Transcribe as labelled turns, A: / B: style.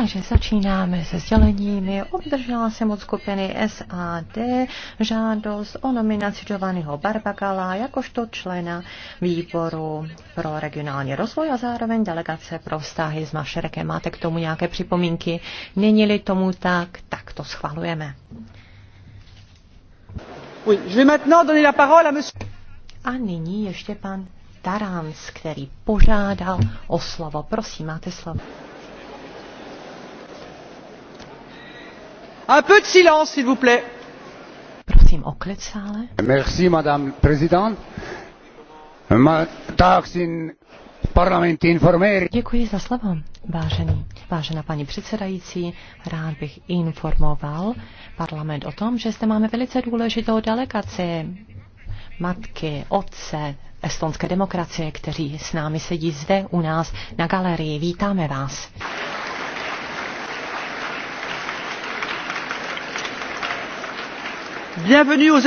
A: Takže začínáme se sděleními. Obdržela jsem od skupiny SAD žádost o nominaci Giovanniho Barbagala jakožto člena výboru pro regionální rozvoj a zároveň delegace pro vztahy s Mašerekem. Máte k tomu nějaké připomínky? Není-li tomu tak, tak to schvalujeme. Oui, je vais maintenant donner la parole à monsieur... A nyní ještě pan Taranc, který požádal o slovo. Prosím, máte slovo. Un peu de silence, s'il vous plaît. Prosím o klid sále. Merci, madame présidente. Ma, tahaksin parlamenti Děkuji za slovo, vážený. Vážená paní předsedající, rád bych informoval parlament o tom, že zde máme velice důležitou delegaci matky, otce, estonské demokracie, kteří s námi sedí zde u nás na galerii. Vítáme vás. Bienvenue aux